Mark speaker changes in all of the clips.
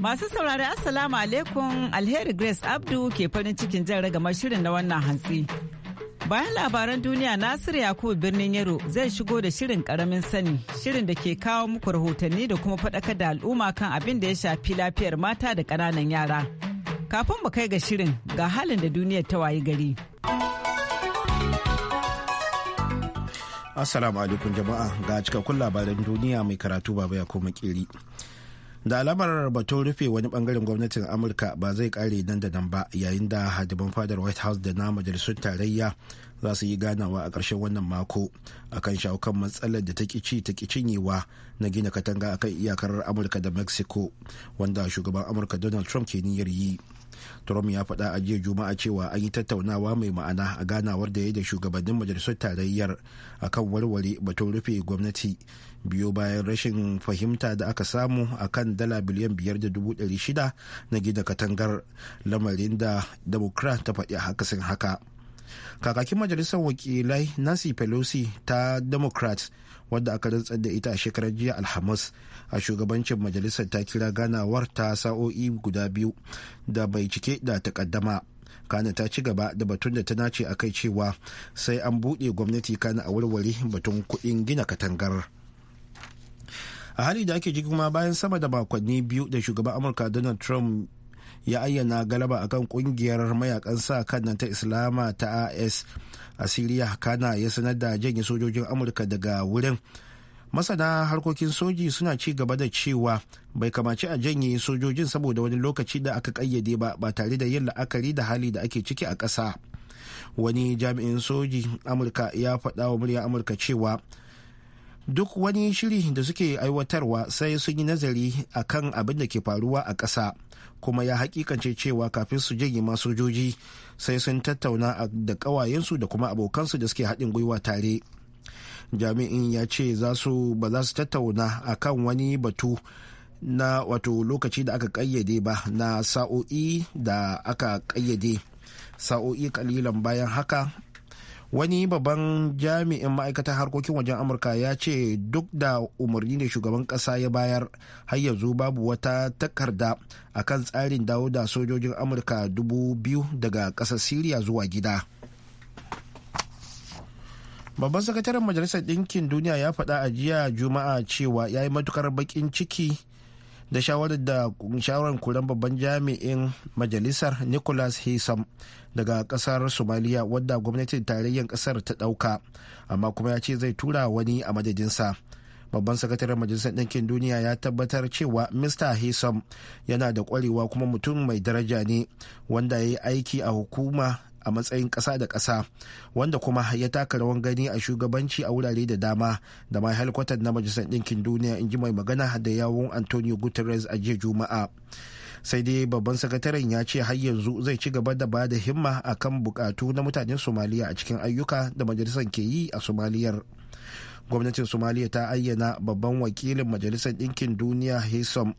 Speaker 1: Masu saurari Assalamu alaikum Alheri Grace Abdu ke farin cikin jan ragamar shirin na wannan hantsi. Bayan labaran duniya Nasir Yakubu birnin Yaro zai shigo da shirin karamin sani, shirin da ke kawo muku rahotanni da kuma faɗakar da al'umma kan abin da ya shafi lafiyar mata da ƙananan yara. Kafin mu kai ga shirin ga halin da duniyar ta wayi gari.
Speaker 2: Assalamu alaikum jama'a ga cikakkun labaran duniya mai karatu baba ya koma kiri. da alamar batun rufe wani bangaren gwamnatin amurka ba zai kare nan da nan ba yayin da hadiban fadar white house da na majalisun tarayya za su yi ganawa a ƙarshen wannan mako a akan shawukan matsalar da ta kici ta cinyewa na gina katanga a kan iyakar amurka da mexico wanda shugaban amurka donald trump ke niyyar yi trump ya faɗa a jiya juma'a cewa an yi tattaunawa mai ma'ana a ganawar da ya yi da shugabannin majalisar tarayyar a kan warware batun rufe gwamnati biyo bayan rashin fahimta da aka samu a kan dala biliyan biyar da dubu ɗari shida na gida katangar lamarin da democrat ta faɗi a hakasin haka kakakin majalisar wakilai nancy pelosi ta democrat wadda aka rantsar da ita a shekarar jiya alhamis a shugabancin majalisar ta kira ganawar ta sa'o'i guda biyu da bai cike da takaddama kana ta ci gaba da batun da ta nace a kai cewa sai an buɗe gwamnati kana a warware batun kuɗin gina katangar a hali da ake kuma bayan sama da makonni biyu da shugaban amurka donald trump ya ayyana galaba kan kungiyar mayakan sa kan ta islama ta as a siriya kana ya sanar da janye sojojin amurka daga wurin masana harkokin soji suna ci gaba da cewa bai kamaci a janye sojojin saboda wani lokaci da aka kayyade ba ba tare da yin la'akari da hali da ake ciki a ƙasa wani jami'in soji amurka ya faɗa wa murya amurka cewa duk wani shiri da suke aiwatarwa sai sun yi nazari a kan abin da ke faruwa a ƙasa kuma ya hakikance cewa kafin su janye ma sojoji sai sun tattauna da kawayensu da kuma abokansu da suke haɗin gwiwa tare. jami'in ya ce za su ba za su tattauna a kan wani batu na wato lokaci da aka kayyade ba na sa'o'i da aka kayyade sa'o'i kalilan bayan haka wani babban jami'in ma'aikatar harkokin wajen amurka ya ce duk da umarni da shugaban kasa ya bayar har yanzu babu wata takarda akan tsarin dawo da sojojin amurka dubu biyu daga ƙasar siriya zuwa gida babban sakataren majalisar ɗinkin duniya ya faɗa a jiya juma'a cewa ya yi matukar baƙin ciki da shawarar da shawarar kuren babban jami'in majalisar nicholas hisam daga kasar somaliya wadda gwamnatin tarayyar kasar ta ɗauka amma kuma ya ce zai tura wani a madadinsa babban sakataren majalisar ɗinkin duniya ya tabbatar cewa mr hisam yana da kwarewa kuma mutum mai daraja ne wanda ya yi aiki a hukuma a matsayin ƙasa da ƙasa wanda kuma ya taka rawan gani a shugabanci a wurare da dama da mai halkwatar na majalisar ɗinkin duniya in ji mai magana da yawun antonio guterres a jiya juma'a sai dai babban sakataren ya ce har yanzu zai ci gaba da ba da himma akan bukatu na mutanen somaliya a cikin ayyuka da majalisar ke yi a somaliyar. gwamnatin somaliya ta ayyana babban wakilin majalisar ɗinkin duniya hisom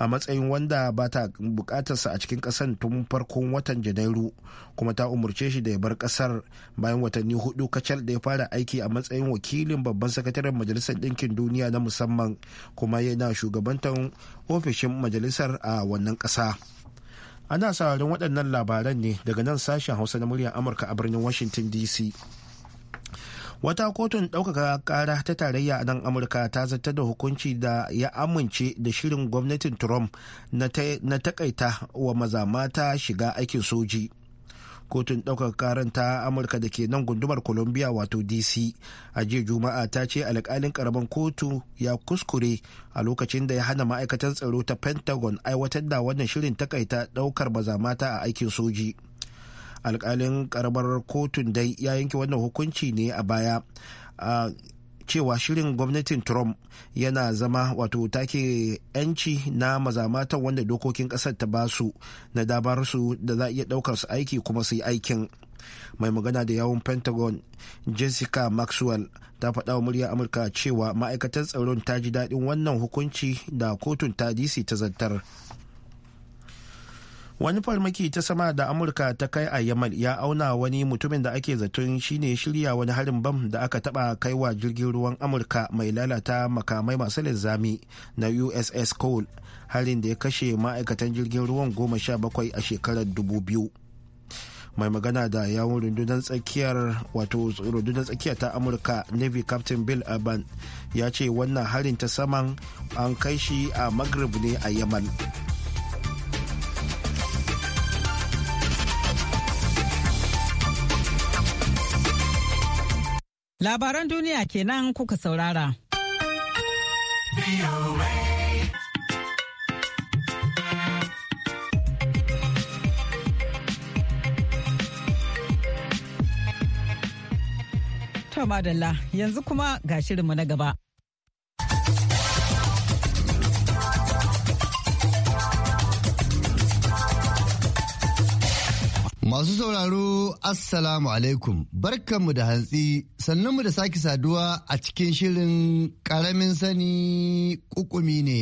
Speaker 2: a matsayin wanda ba ta bukatarsa a cikin ƙasar tun farkon watan janairu kuma ta umarce shi da ya bar ƙasar bayan watanni hudu kacal da ya fara aiki a matsayin wakilin babban sakataren majalisar ɗinkin duniya na musamman kuma yana shugabantar ofishin majalisar a wannan ƙasa ana sauraron waɗannan labaran ne daga nan sashen hausa na muryar amurka a birnin washington dc wata kotun ɗaukaka ƙara ta tarayya a nan amurka ta zata da hukunci da ya amince da shirin gwamnatin trump na takaita wa maza mata shiga aikin soji kotun ɗaukaka ƙaran ta amurka da ke nan gundumar columbia wato dc a jiya juma'a ta ce alƙalin ƙaramin kotu ya kuskure a lokacin da ya hana ma'aikatan tsaro ta pentagon aiwatar da wannan shirin takaita ɗaukar maza mata a aikin soji. alkalin karamar kotun dai ya yanke wannan hukunci ne a baya cewa shirin gwamnatin trump yana zama wato take 'yanci na mazamatan wanda dokokin kasar ta ba su na damar su da za a iya daukar su aiki kuma su yi aikin mai magana da yawon pentagon jessica maxwell ta faɗa wa muryar amurka cewa ma'aikatar tsaron ta ji daɗin wannan hukunci da kotun ta dc ta zartar wani farmaki ta sama da amurka ta kai a yamal ya auna wani mutumin da ake zaton shine shirya wani harin bam da aka taba kaiwa jirgin ruwan amurka mai lalata makamai masu linzami na uss cole harin da ya kashe ma'aikatan jirgin ruwan goma sha bakwai a shekarar dubu biyu mai magana da yawon rundunar tsakiyar wato rundunar tsakiya ta amurka navy captain bill urban ya ce wannan harin ta saman an kai shi a maghrib ne a yamal
Speaker 1: Labaran duniya kenan kuka saurara. To madalla yanzu kuma ga shirinmu na gaba.
Speaker 3: Masu sauraro Assalamu alaikum barkanmu da hantsi sannanmu da sake saduwa a cikin shirin ƙaramin sani ƙuƙumi ne.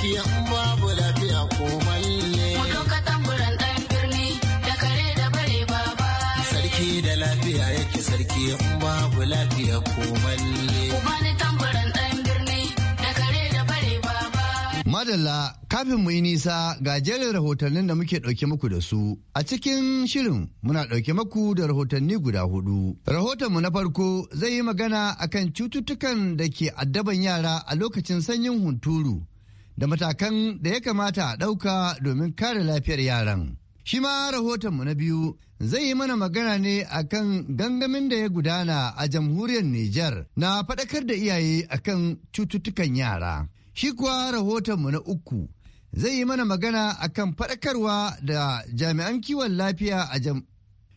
Speaker 4: gaskiya babu lafiya komai ne. Mutum ka
Speaker 5: tamburan ɗan birni da kare da bare baba.
Speaker 4: Sarki da lafiya yake sarki babu lafiya komai ne.
Speaker 5: Ubani tamburan ɗan birni da kare da bare
Speaker 3: baba. Madalla kafin mu yi nisa ga jerin rahotannin da muke ɗauke muku da su. A cikin shirin muna ɗauke muku da rahotanni guda hudu. Rahotonmu na farko zai yi magana akan cututtukan da ke addaban yara a lokacin sanyin hunturu da matakan da ya kamata a ɗauka domin kare lafiyar yaran. Shi ma rahotonmu na biyu zai yi mana magana ne akan gangamin da ya gudana a jamhuriyar Nijar na faɗakar da iyaye akan cututtukan yara. Shi kuwa rahotonmu na uku zai yi mana magana akan faɗakarwa da jami'an kiwon lafiya a jam.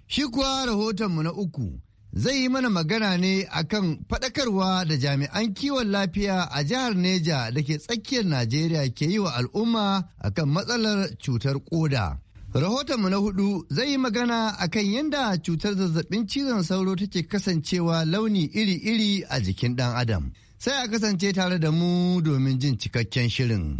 Speaker 3: Shi kuwa rahotonmu na uku zai yi mana magana ne akan faɗakarwa da jami'an kiwon lafiya a jihar Neja da ke tsakiyar Najeriya ke yi wa al'umma akan matsalar cutar koda. Rahotonmu na hudu zai yi magana akan yadda cutar zazzabin cizon sauro take kasancewa launi iri-iri a jikin ɗan adam. Sai a kasance tare da mu domin jin cikakken shirin.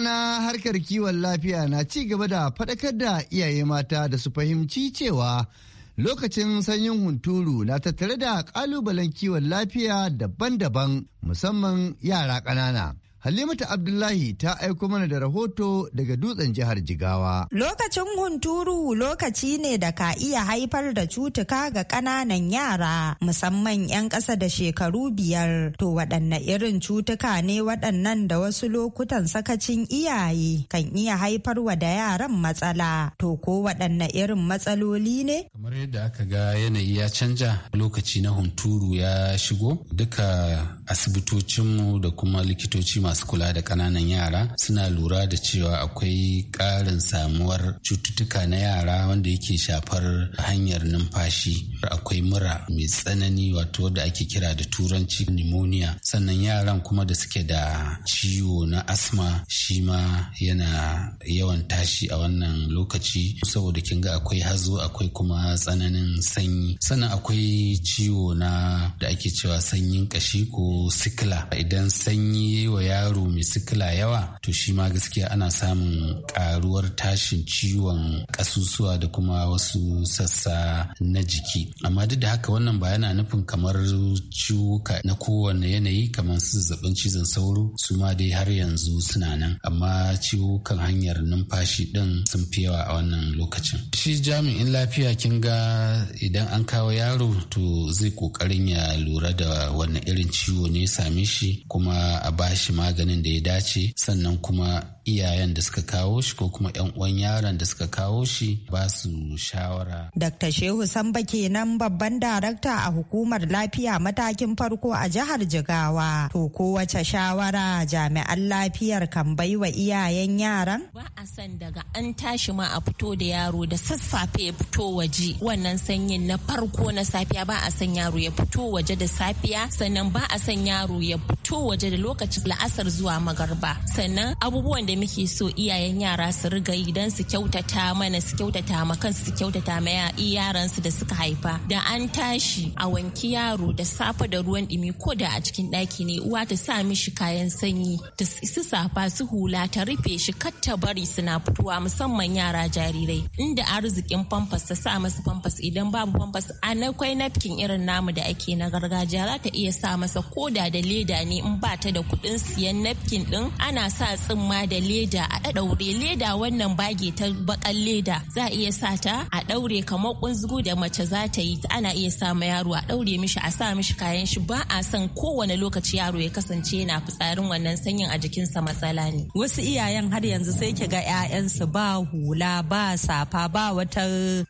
Speaker 3: masana harkar kiwon lafiya na ci gaba da faɗakar da iyaye mata da su fahimci cewa lokacin sanyin hunturu na tattare da ƙalubalen kiwon lafiya daban-daban musamman yara ƙanana. Halimatu Abdullahi ta aiko mana da rahoto daga dutsen jihar Jigawa.
Speaker 6: Lokacin hunturu lokaci ne da ka iya haifar da cutuka ga ƙananan yara musamman 'yan ƙasa da shekaru biyar. To waɗanne irin cutuka ne waɗannan da wasu lokutan sakacin iyaye kan iya haifar wa da yaran matsala. To ko waɗanne irin matsaloli ne? Kamar
Speaker 7: yadda aka ga yanayi ya canja lokaci na hunturu ya shigo duka asibitocinmu da kuma likitoci masu kula da ƙananan yara suna lura da cewa akwai ƙarin samuwar cututtuka na yara wanda yake shafar hanyar numfashi akwai mura mai tsanani wato da ake kira da turanci pneumonia sannan yaran kuma da suke da ciwo na asma shi ma yana yawan tashi a wannan lokaci saboda kin ga akwai hazo akwai kuma tsananin sanyi sannan akwai ciwo na da ake cewa sanyin kashi ko sikila idan sanyi wa yaro mai sikila yawa to shi ma gaskiya ana samun karuwar tashin ciwon kasusuwa da kuma wasu sassa na jiki amma duk da haka wannan ba yana nufin kamar ciwuka na kowane yanayi kamar su zazzabin cizon sauro su ma dai har yanzu suna nan amma ciwukan hanyar numfashi ɗin sun fi yawa a wannan lokacin shi jami'in lafiya kin ga idan an kawo yaro to zai ƙoƙarin ya lura da wani irin ciwo ne same shi kuma a bashi ma maganin da ya dace sannan kuma iyayen da suka kawo shi ko kuma 'yan uwan yaron da suka kawo shi ba su shawara.
Speaker 6: Dr. Shehu Samba kenan babban darakta a hukumar lafiya matakin farko a jihar Jigawa. To kowace shawara jami'an lafiyar kan baiwa iyayen yaran? Ba
Speaker 8: a san daga an tashi ma a fito da yaro da sassafe ya fito waje. Wannan sanyin na farko na safiya ba a san yaro ya fito waje da safiya sannan ba a san yaro ya fito waje da lokacin la'asar zuwa magarba. Sannan abubuwan da muke so iyayen yara su riga idan su kyautata mana su kyautata ma kansu su kyautata ma yaran su da suka haifa da an tashi a wanki yaro da safe da ruwan dumi ko da a cikin ɗaki ne uwa ta sa mishi kayan sanyi ta su safa su hula ta rufe shi kar ta bari suna fitowa musamman yara jarirai inda arzikin famfas ta sa masu famfas idan babu famfas anakwai napkin irin namu da ake na gargajiya za ta iya sa masa koda da leda ne in ba ta da kuɗin siyan napkin din ana sa tsimma da leda a ɗaɗɗaure leda wannan bage ta bakan leda za a iya sa ta a ɗaure kamar kunzugu da mace za ta yi ana iya sa ma yaro a ɗaure mishi a sa mishi kayan shi ba a son kowane lokaci yaro ya kasance yana fitsarin wannan sanyin a jikinsa matsala ne. Wasu iyayen har yanzu sai ki ga ƴaƴansu ba hula ba safa ba wata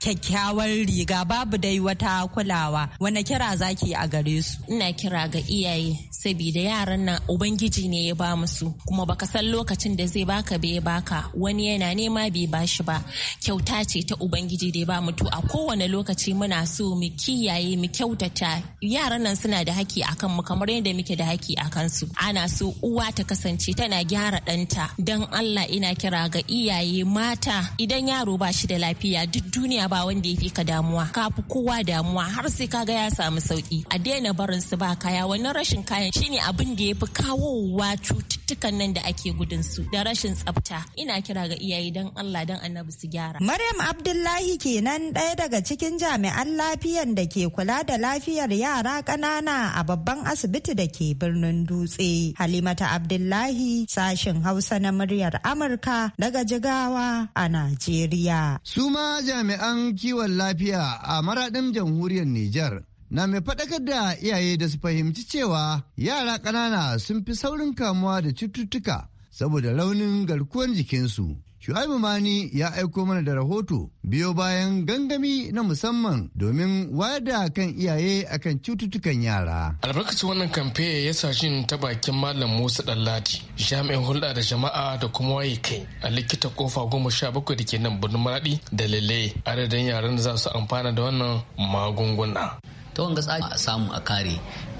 Speaker 8: kyakkyawar riga babu dai wata kulawa wani kira zaki a gare su. Ina kira ga iyaye saboda yaran nan ubangiji ne ya ba musu kuma baka san lokacin da zai baka bai baka wani yana nema bai bashi ba kyauta ce ta ubangiji da ba mutu a kowane lokaci muna so mu kiyaye mu kyautata yaran nan suna da haki akan mu kamar yadda muke da haki akan su ana so uwa ta kasance tana gyara ɗanta dan Allah ina kira ga iyaye mata idan yaro ba shi da lafiya duk duniya ba wanda ya fi ka damuwa kafi kowa damuwa har sai ka ga ya samu sauki a daina barin su ba kaya wannan rashin kayan shine abin da ya fi kawowa cuta cututtukan nan da ake gudun su da rashin tsafta ina kira ga iyaye Dan Allah Dan annabi su gyara. Maryam
Speaker 6: Abdullahi kenan ɗaya daga cikin jami'an lafiyan da ke kula da lafiyar yara ƙanana a babban asibiti da ke birnin dutse. Halimata Abdullahi sashen Hausa
Speaker 3: na muryar Amurka daga Jigawa a Najeriya. Suma jami'an kiwon lafiya a maraɗin jamhuriyar Nijar na mai faɗakar da iyaye da su fahimci cewa yara ƙanana sun fi saurin kamuwa da cututtuka saboda raunin garkuwar jikinsu. Shu'aibu Mani ya aiko mana da rahoto biyo bayan gangami na musamman domin wayar da kan iyaye akan cututtukan yara.
Speaker 9: Albarkacin wannan kamfe ya sashin ta bakin Malam Musa Dallati, jami'in hulɗa da jama'a da kuma waye kai a likita kofa goma sha bakwai da ke nan birnin da Lele adadin yaran da za su amfana da wannan magunguna. ta wanga tsari a samu a kare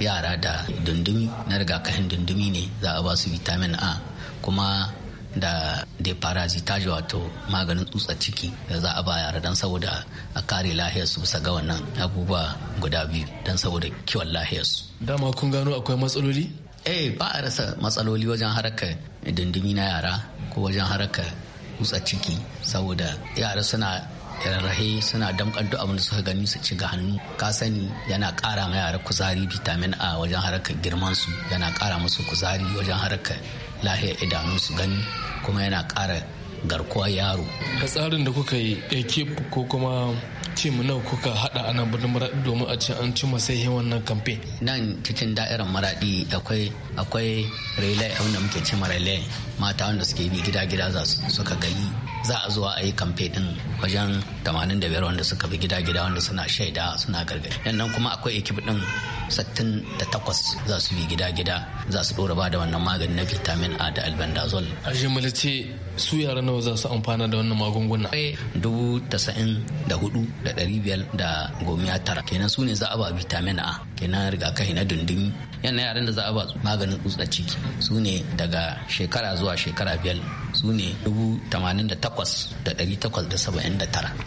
Speaker 9: yara da dundumi na rigakafin dundumi ne za a ba su vitamin a kuma da da parazitage wato maganin tsutsa ciki da za a ba yara don saboda a kare lahiyarsu bisa ga wannan abubuwa guda biyu don saboda kiwon lahiyarsu. dama kun gano akwai matsaloli? eh ba a rasa matsaloli wajen haraka dundumi na yara ko wajen haraka tsutsa ciki saboda yara suna rahe suna damƙar duk abin da suka gani su ci ga hannu ka sani yana ƙara ma yara kuzari vitamin a wajen harkar girman su yana ƙara musu kuzari wajen harkar lahiyar idanu su gani kuma yana ƙara garkuwa yaro
Speaker 10: a tsarin da kuka yi ekip ko
Speaker 9: kuma mu nawa kuka hada ana birnin maradi domin a ce an cimma sai wannan kamfe nan cikin da'irar maradi akwai akwai relay abin da muke cimma relay mata wanda suke bi gida-gida za suka gani za a zuwa a yi kamfe din wajen 85 wanda suka bi gida-gida wanda suna shaida suna gargadi nan kuma akwai ekip din 68 za su bi gida-gida za su dora ba da wannan magani na vitamin a da albendazol a ce su yara nawa za su amfana da wannan magunguna eh, dubu tasa'in da hudu da ɗari biyar da gomiya tara kenan su ne za a ba vitamin a riga kai na dundun yana yaran da za a ba maganin tsutsa ciki su ne daga shekara zuwa shekara biyar su ne dubu da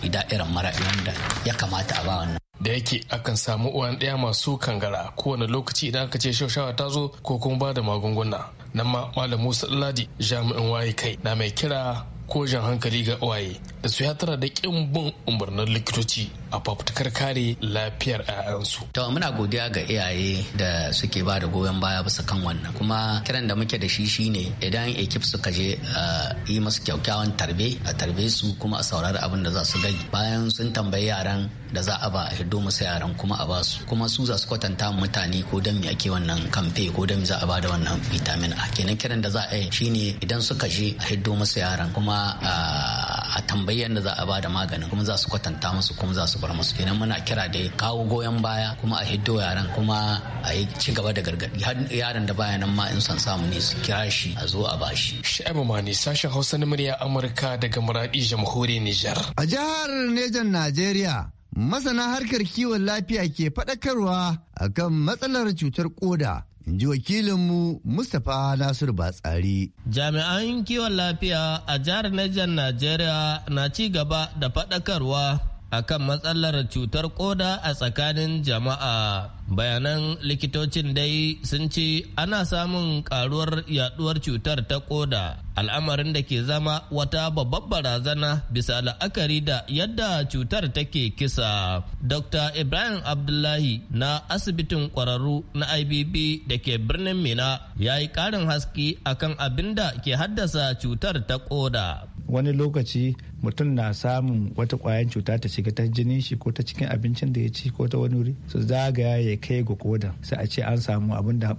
Speaker 9: idan irin mara da ya kamata a ba wannan da yake akan samu uwan ɗaya masu kangara kowane lokaci idan aka ce shaushawa ta zo ko kuma ba da magunguna nan ma malam musa ladi jami'in waye kai na mai kira ko jan hankali ga uwaye da su ya tara da kin bin umarnin likitoci a fafutukar kare lafiyar 'ya'yansu. to muna godiya ga iyaye da suke ba da goyon baya bisa kan wannan kuma kiran da muke da shi shine idan ekip suka je eh, yi masu kyaukyawan tarbe a tarbe su kuma a saurari abin da za su gai bayan sun tambayi yaran da za a ba a hiddo musu yaran kuma a basu kuma su za su kwatanta mutane ko dan me ake wannan kamfe ko dan za a ba da wannan vitamin a kenan kiran da za a yi shine idan suka je a hiddo musu yaran kuma a eh, a tambayi yadda za a bada maganin kuma za su kwatanta musu kuma za su bar musu kenan muna kira da kawo goyon baya kuma a hiddo yaran kuma a yi ci gaba da gargadi har yaran da baya nan ma in san samu ne su kira shi a zo a bashi. Sha'ibu Mani sashen Hausa na murya Amurka daga Muradi jamhuriyar Nijar.
Speaker 3: A jihar Nejan Najeriya masana harkar kiwon lafiya ke faɗakarwa akan matsalar cutar koda in ji wakilinmu Mustapha Nasiru Batsari.
Speaker 11: Jami'an kiwon lafiya a jihar Niger Najeriya na ci gaba da faɗakarwa akan matsalar cutar koda a tsakanin jama'a bayanan likitocin dai sun ce ana samun karuwar yaduwar cutar ta koda al'amarin da ke zama wata babbar barazana bisa la'akari da yadda cutar take kisa dr ibrahim abdullahi na asibitin kwararru na ibb da ke birnin mina ya yi karin haske akan abin da ke haddasa cutar ta koda
Speaker 12: wani lokaci mutum na samun wata kwayan cuta ta shiga ta jinin shi ko ta cikin abincin da ya ci ko ta wani wuri su zagaya ya kai ga koda sai a ce an samu abin da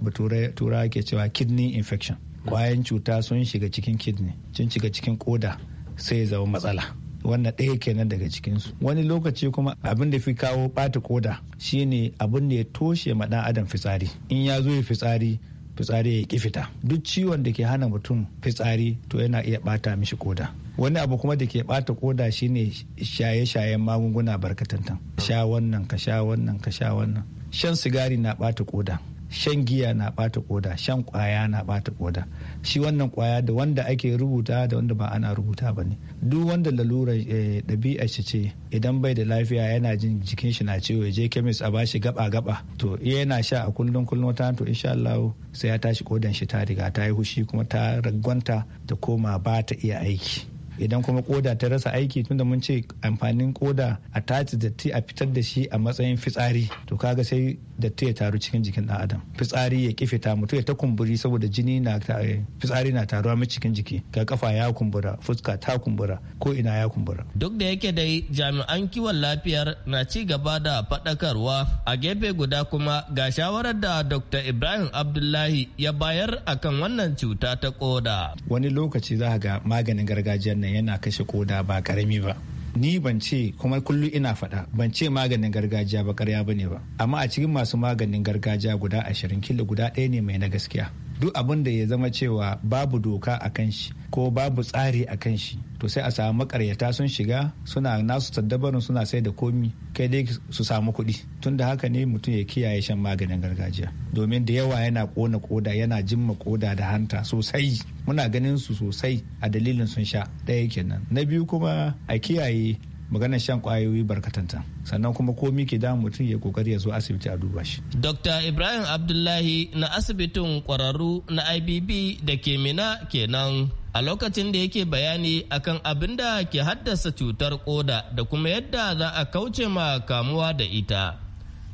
Speaker 12: turawa ke cewa kidney infection kwayan cuta sun shiga cikin kidney sun shiga cikin koda sai ya zama matsala wannan ɗaya kenan daga cikinsu wani lokaci kuma abin da fi kawo bata koda shine abin da ya toshe ma ɗan adam fitsari in ya zo ya fitsari fitsari ya ƙi fita duk ciwon da ke hana mutum fitsari to yana iya ɓata mishi koda wani abu kuma da ke bata koda shine shaye-shayen magunguna barkatantan sha wannan ka sha wannan ka sha wannan shan sigari na bata koda shan giya na bata koda shan kwaya na bata koda shi wannan kwaya da wanda ake rubuta da wanda ba ana rubuta ba ne duk wanda lalura eh, ɗabi'a shi ce idan bai da lafiya yana jin jikin shi na ciwo je kemis a bashi gaba gaba to yana sha a kullum kullum wata to insha Allah sai ya tashi kodan shi ta riga ta yi hushi kuma ta ragwanta da koma ba ta iya aiki idan kuma koda ta rasa aiki tunda mun ce amfanin koda a tace datti a fitar da shi a matsayin fitsari to kaga sai datti ya taru cikin jikin dan adam fitsari ya ta mutu ya ta kumburi saboda jini na eh, fitsari na taruwa mai cikin jiki ga kafa ya kumbura fuska ta kumbura ko ina ya kumbura
Speaker 11: duk da yake dai jami'an kiwon lafiyar na ci gaba da faɗakarwa a gefe guda kuma ga shawarar da dr ibrahim abdullahi ya bayar akan wannan cuta ta koda
Speaker 12: wani lokaci za ga maganin gargajiyar nan yana kashe koda ba karami ba ni ban ce kuma kullum ina faɗa ban ce maganin gargajiya ba karya ba ne ba amma a cikin masu maganin gargajiya guda ashirin kila guda ɗaya ne mai na gaskiya duk abin da ya zama cewa babu doka a kan shi ko babu tsari a kan shi to sai a samu makaryata sun shiga suna nasu taddabarin suna sai da komi kai dai su samu kuɗi tun da haka ne mutum ya kiyaye shan maganin gargajiya domin da yawa yana kona koda yana jimma koda da hanta sosai muna ganin su sosai a dalilin sun sha ɗaya kenan na biyu kuma a kiyaye maganar shan kwayoyi barkatanta sannan kuma komi ke damu mutum ya kokari ya zo asibiti a duba shi.
Speaker 11: Dr. Ibrahim Abdullahi na asibitin kwararru na IBB da ke Mina kenan a lokacin da yake bayani akan abin da ke haddasa cutar koda da kuma yadda za a kauce ma kamuwa da ita.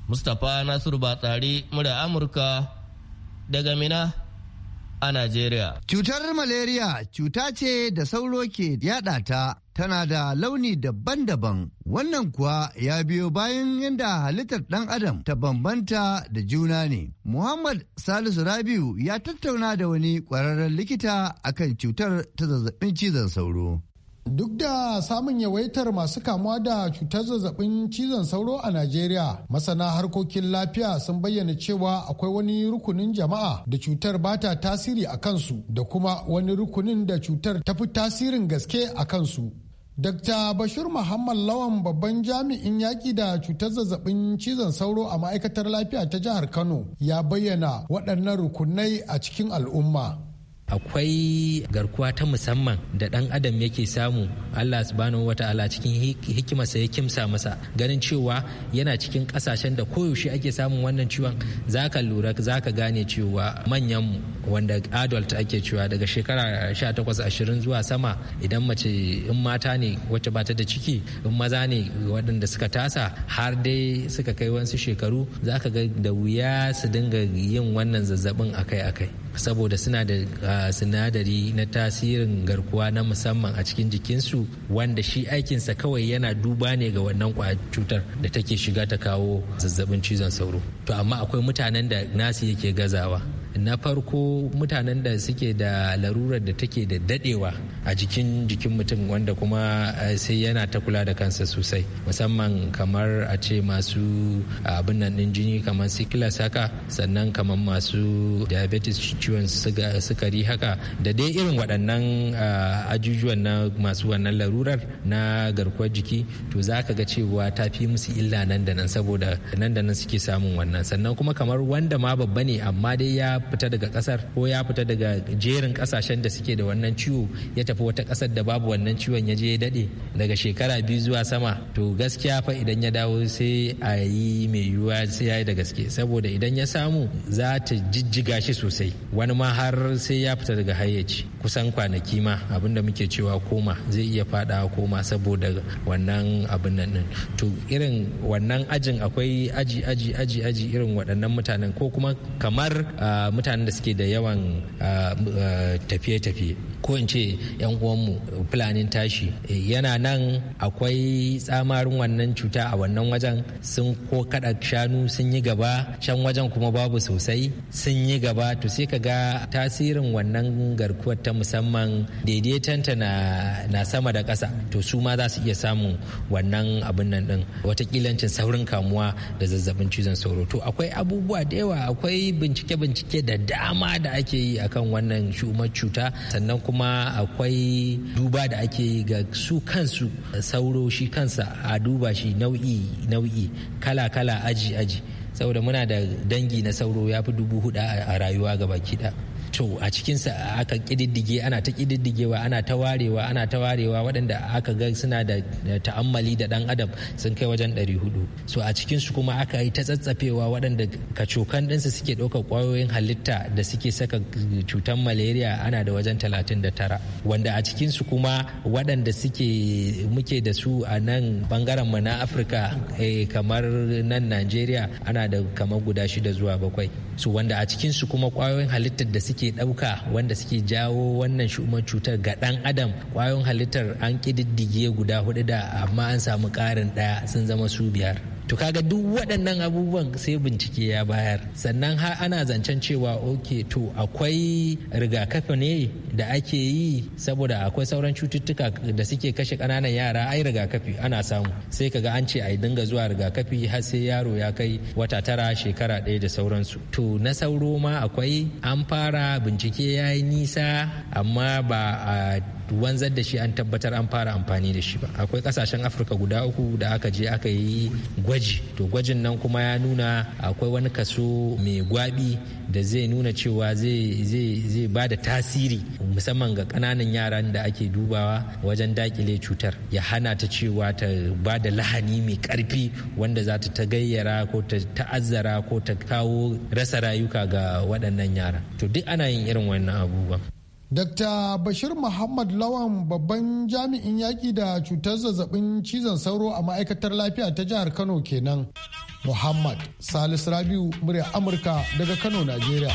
Speaker 11: Mustapha Nasiru Batsari mura Amurka daga Mina a nigeria.
Speaker 3: Cutar malaria cuta ce da sauro ke yada ta. tana da launi daban-daban wannan kuwa ya biyo bayan yadda halittar ɗan adam ta bambanta da juna ne muhammad salisu rabiu ya tattauna da wani kwararren likita akan cutar ta zazzabin cizon sauro duk da samun yawaitar masu kamuwa da cutar
Speaker 9: zazzabin cizon sauro a najeriya masana harkokin lafiya sun bayyana cewa akwai wani rukunin jama'a da cutar ba ta tasiri a kansu da kuma wani rukunin da cutar ta fi tasirin gaske a kansu Dr. Bashir Muhammad Lawan babban jami'in yaƙi da cutar zazzabin cizon sauro a ma'aikatar lafiya ta jihar Kano ya bayyana waɗannan rukunai a cikin al'umma.
Speaker 10: akwai garkuwa ta musamman da ɗan adam yake samu allah subhanahu wa ta'ala cikin hikimarsa ya kimsa masa ganin cewa yana cikin ƙasashen da koyaushe ake samun wannan ciwon za ka lura za ka gane cewa manyanmu wanda adult ake cewa daga shekara 18-20 zuwa sama idan mace in mata ne wacce bata da ciki in maza ne waɗanda suka tasa har dai suka kai wasu shekaru za ka ga da wuya su dinga yin wannan zazzabin akai-akai saboda suna da ah, sinadari na tasirin garkuwa na musamman a cikin jikinsu wanda shi aikinsa kawai yana duba ne ga wannan cutar da take shiga ta kawo zazzabin cizon sauro to amma akwai mutanen da nasi yake gazawa na farko mutanen da suke da larurar da take da dadewa a jikin jikin mutum wanda kuma eh, sai yana ta kula da kansa sosai musamman kamar a ce masu eh, abin nan din jini kamar sickles haka sannan kamar masu diabetes ciwon sukari haka da dai irin waɗannan eh, ajujuwan na masu wannan larurar na garkuwar jiki to za ka ga cewa ta fi musu illa nan da nan saboda nan da nan suke samun wannan sannan kuma kamar wanda ma babba ne amma dai ya fita daga kasar ko ya fita daga jerin kasashen da suke da wannan ciwo ya tafi wata kasar da babu wannan ciwon ya je ya dade daga shekara biyu zuwa sama to gaskiya fa idan ya dawo sai a yi mai yiwuwa sai ya yi da gaske saboda idan ya samu za ta jijjiga shi sosai wani ma har sai ya fita daga hayyaci kusan kwanaki ma da muke cewa koma zai iya fada koma saboda wannan abin nan din to irin wannan ajin akwai aji aji aji aji irin waɗannan mutanen ko kuma kamar ah, mutanen da suke da yawan ah, ah, tafiye-tafiye ko in ce yan uwanmu fulanin tashi eh, yana nan akwai tsamarin wannan cuta a wannan wajen sun ko kada shanu sun yi gaba can wajen kuma babu sosai sun yi gaba to sai ka ga tasirin wannan garkuwar ta musamman daidaitanta na, sama da ƙasa to su ma za su iya samun wannan abin nan din watakilancin saurin kamuwa da zazzabin cizon sauro to akwai abubuwa da yawa akwai bincike-bincike da dama da ake yi akan wannan cuta sannan kuma akwai duba da ake yi ga su kansu sauro shi kansa a duba shi nau'i nau'i kala kala aji aji saboda muna da dangi na sauro ya fi dubu hudu a rayuwa gaba kiɗa to a cikinsa aka kididdige ana ta kididdigewa ana ta warewa ana ta warewa waɗanda aka ga suna da ta'ammali da ɗan adam sun kai wajen 400 so a cikinsu kuma aka yi ta tsatsafewa waɗanda kacokan ɗinsu suke ɗaukar ƙwayoyin halitta da suke saka cutar malaria ana da wajen 39 wanda a cikinsu kuma waɗanda suke muke da su a nan bangaren mu na afirka eh, kamar nan najeriya ana da kamar guda shida zuwa bakwai so wanda a cikinsu kuma kwayoyin halittar da suke suke ɗauka wanda suke jawo wannan shuman cutar ga ɗan adam kwayoyin halittar an kididdige guda hudu da amma an samu ƙarin ɗaya sun zama su biyar to kaga duk waɗannan abubuwan sai bincike ya bayar sannan har ana zancen cewa ok to akwai rigakafi ne da ake yi saboda akwai sauran cututtuka da suke kashe ƙananan yara ai rigakafi ana samu sai kaga an ce a dinga zuwa rigakafi har sai yaro ya kai wata tara shekara ɗaya da sauransu to na sauro ma akwai an fara bincike ya yi nisa amma ba a wanzar da shi an tabbatar an fara amfani da shi ba akwai kasashen afirka guda uku da aka je aka yi gwaji to gwajin nan kuma ya nuna akwai wani kaso mai gwabi da zai nuna cewa zai ba da tasiri musamman ga kananan yaran da ake dubawa wajen dakile cutar ya hana ta cewa ta ba da lahani mai karfi wanda za ta gayyara ko ta ta'azzara ko ta kawo rasa rayuka ga waɗannan yara to duk ana yin irin wannan abubuwan
Speaker 9: Dr. Bashir Muhammad Lawan babban jami'in yaƙi da cutar zazzabin cizon sauro a ma'aikatar lafiya ta jihar Kano kenan. Muhammad Salisu Rabiu murya Amurka daga Kano,
Speaker 4: Najeriya.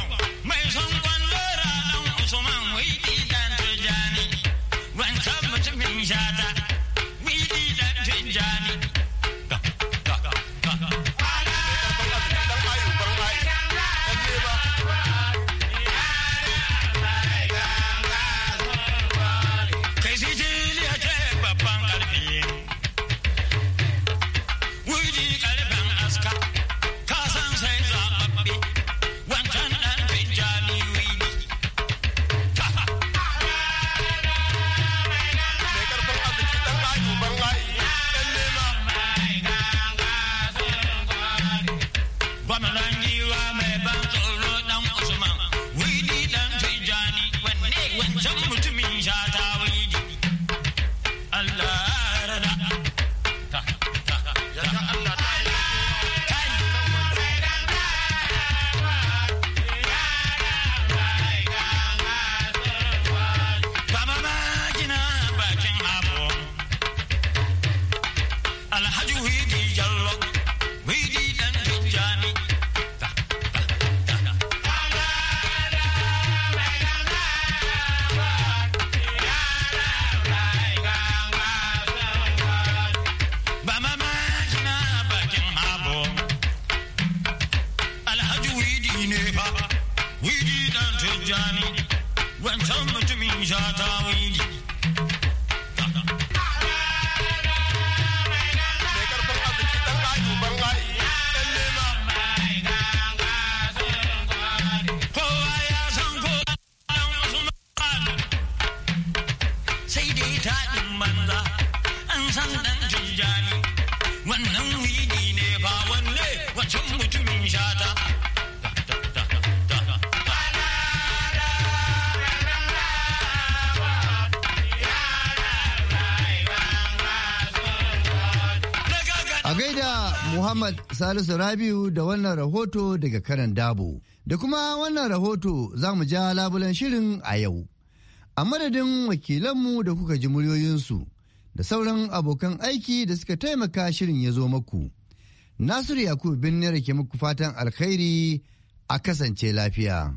Speaker 3: Muhammad Salisu Rabiu da wannan rahoto daga karan Dabo. Da kuma wannan rahoto za mu ja labulen shirin a yau. A madadin wakilanmu da kuka ji muryoyinsu da sauran abokan aiki da suka taimaka shirin ya zo maku. Nasiru Yakubu Binnere ke muku fatan alkhairi a kasance lafiya.